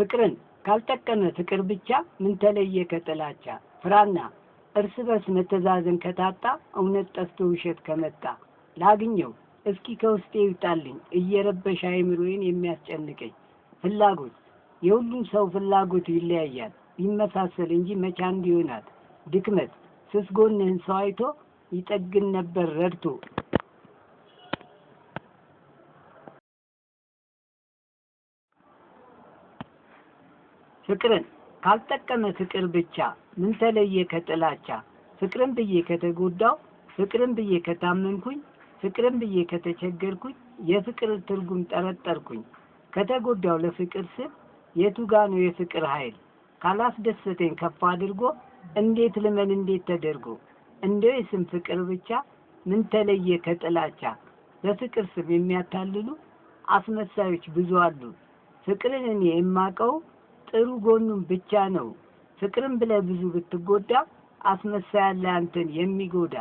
ፍቅርን ካልጠቀመ ፍቅር ብቻ ምን ተለየ ከጥላቻ ፍራና እርስ በርስ መተዛዘን ከታጣ እውነት ጠፍቶ ውሸት ከመጣ ላግኘው እስኪ ከውስጤ ይውጣልኝ እየረበሽ አይምሮዬን የሚያስጨንቀኝ ፍላጎት የሁሉም ሰው ፍላጎት ይለያያል ይመሳሰል እንጂ መቼ አንድ ይሆናል ድክመት ስስ ሰው አይቶ ይጠግን ነበር ረድቶ ፍቅርን ካልጠቀመ ፍቅር ብቻ ምን ተለየ ከጥላቻ? ፍቅርን ብዬ ከተጎዳው፣ ፍቅርን ብዬ ከታመንኩኝ፣ ፍቅርን ብዬ ከተቸገርኩኝ፣ የፍቅር ትርጉም ጠረጠርኩኝ። ከተጎዳው ለፍቅር ስል የቱ ጋ ነው የፍቅር ኃይል? ካላስደሰተኝ ከፍ አድርጎ እንዴት ልመን እንዴት ተደርጎ እንደው የስም ፍቅር ብቻ ምን ተለየ ከጥላቻ? በፍቅር ስም የሚያታልሉ አስመሳዮች ብዙ አሉ። ፍቅርን እኔ የማቀው ጥሩ ጎኑን ብቻ ነው። ፍቅርም ብለህ ብዙ ብትጎዳ ያለ አንተን የሚጎዳ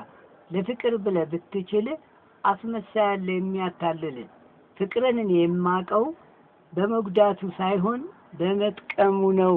ለፍቅር ብለህ ብትችል ያለ የሚያታልል ፍቅርን እኔ የማቀው በመጉዳቱ ሳይሆን በመጥቀሙ ነው።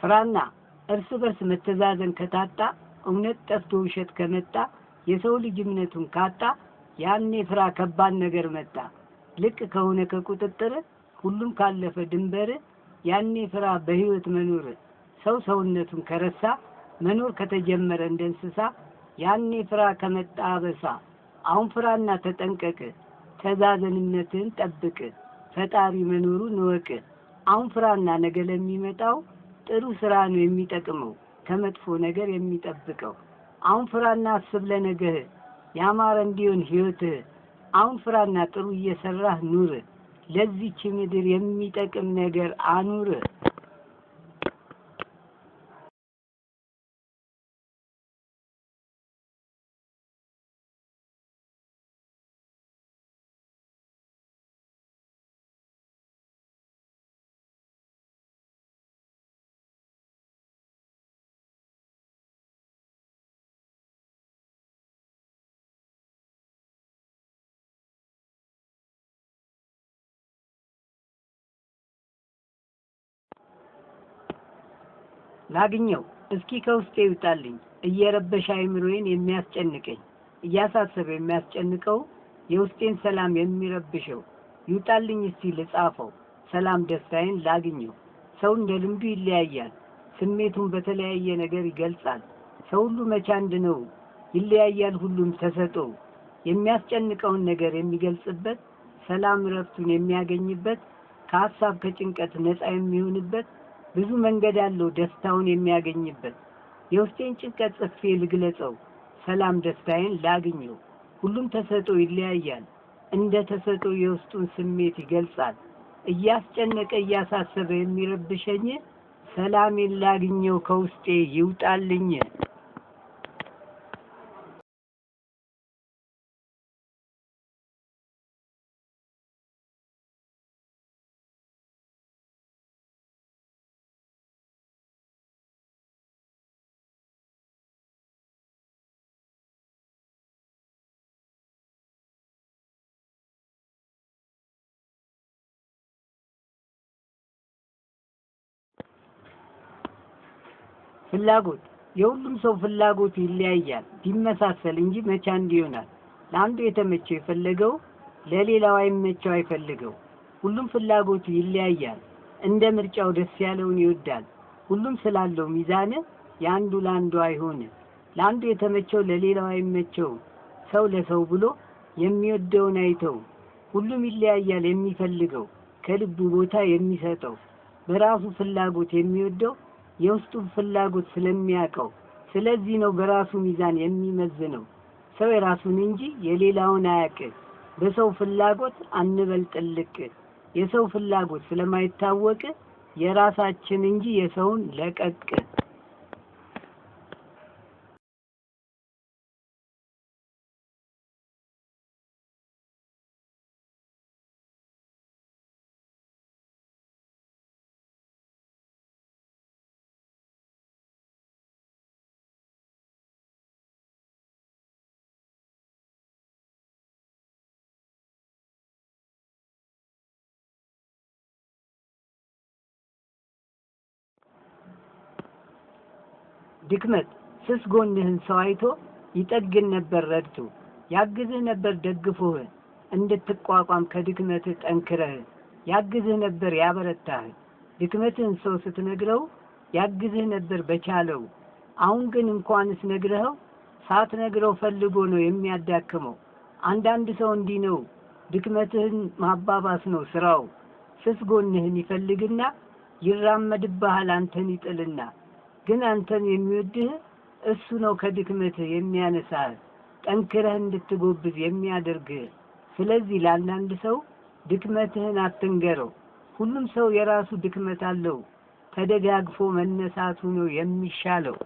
ፍራና እርስ በርስ መተዛዘን ከታጣ እውነት ጠፍቶ ውሸት ከመጣ የሰው ልጅ እምነቱን ካጣ ያኔ ፍራ ከባድ ነገር መጣ። ልቅ ከሆነ ከቁጥጥር ሁሉም ካለፈ ድንበር ያኔ ፍራ በህይወት መኖር ሰው ሰውነቱን ከረሳ መኖር ከተጀመረ እንደ እንስሳ ያኔ ፍራ ከመጣ አበሳ። አሁን ፍራና ተጠንቀቅ፣ ተዛዘንነትን ጠብቅ፣ ፈጣሪ መኖሩን እወቅ። አሁን ፍራና ነገ ለሚመጣው ጥሩ ስራ ነው የሚጠቅመው፣ ከመጥፎ ነገር የሚጠብቀው። አሁን ፍራና አስብ ለነገህ፣ ያማረ እንዲሆን ህይወትህ። አሁን ፍራና ጥሩ እየሰራህ ኑር፣ ለዚች ምድር የሚጠቅም ነገር አኑር። ላግኘው እስኪ ከውስጤ ይውጣልኝ እየረበሽ አይምሮዬን የሚያስጨንቀኝ እያሳሰበ የሚያስጨንቀው የውስጤን ሰላም የሚረብሸው ይውጣልኝ እስቲ ልጻፈው ሰላም ደስታዬን ላግኘው። ሰው እንደ ልምዱ ይለያያል፣ ስሜቱን በተለያየ ነገር ይገልጻል። ሰው ሁሉ መቼ አንድ ነው? ይለያያል ሁሉም ተሰጦ የሚያስጨንቀውን ነገር የሚገልጽበት ሰላም እረፍቱን የሚያገኝበት ከሀሳብ ከጭንቀት ነፃ የሚሆንበት ብዙ መንገድ አለው ደስታውን የሚያገኝበት። የውስጤን ጭንቀት ጽፌ ልግለጸው፣ ሰላም ደስታዬን ላግኘው። ሁሉም ተሰጦ ይለያያል፣ እንደ ተሰጦ የውስጡን ስሜት ይገልጻል። እያስጨነቀ እያሳሰበ የሚረብሸኝ ሰላሜን ላግኘው ከውስጤ ይውጣልኝ። ፍላጎት የሁሉም ሰው ፍላጎቱ ይለያያል። ቢመሳሰል እንጂ መቼ አንድ ይሆናል። ለአንዱ የተመቸው የፈለገው ለሌላው አይመቸው አይፈልገው። ሁሉም ፍላጎቱ ይለያያል። እንደ ምርጫው ደስ ያለውን ይወዳል። ሁሉም ስላለው ሚዛን የአንዱ ለአንዱ አይሆን። ለአንዱ የተመቸው ለሌላው አይመቸው። ሰው ለሰው ብሎ የሚወደውን አይተው። ሁሉም ይለያያል የሚፈልገው ከልቡ ቦታ የሚሰጠው በራሱ ፍላጎት የሚወደው የውስጡን ፍላጎት ስለሚያውቀው ስለዚህ ነው በራሱ ሚዛን የሚመዝነው። ሰው የራሱን እንጂ የሌላውን አያውቅ። በሰው ፍላጎት አንበልጥልቅ። የሰው ፍላጎት ስለማይታወቅ የራሳችን እንጂ የሰውን ለቀቅ ድክመት ስስ ጎንህን ሰው አይቶ ይጠግን ነበር ረድቱ ያግዝህ ነበር ደግፎህ እንድትቋቋም ከድክመትህ ጠንክረህ ያግዝህ ነበር ያበረታህ ድክመትህን ሰው ስትነግረው ያግዝህ ነበር በቻለው። አሁን ግን እንኳንስ ነግረኸው ሳትነግረው ፈልጎ ነው የሚያዳክመው። አንዳንድ ሰው እንዲህ ነው፣ ድክመትህን ማባባስ ነው ስራው። ስስ ጎንህን ይፈልግና ይራመድብሃል አንተን ይጥልና ግን አንተን የሚወድህ እሱ ነው ከድክመት የሚያነሳህ ጠንክረህ እንድትጎብዝ የሚያደርግህ። ስለዚህ ለአንዳንድ ሰው ድክመትህን አትንገረው። ሁሉም ሰው የራሱ ድክመት አለው። ተደጋግፎ መነሳቱ ነው የሚሻለው።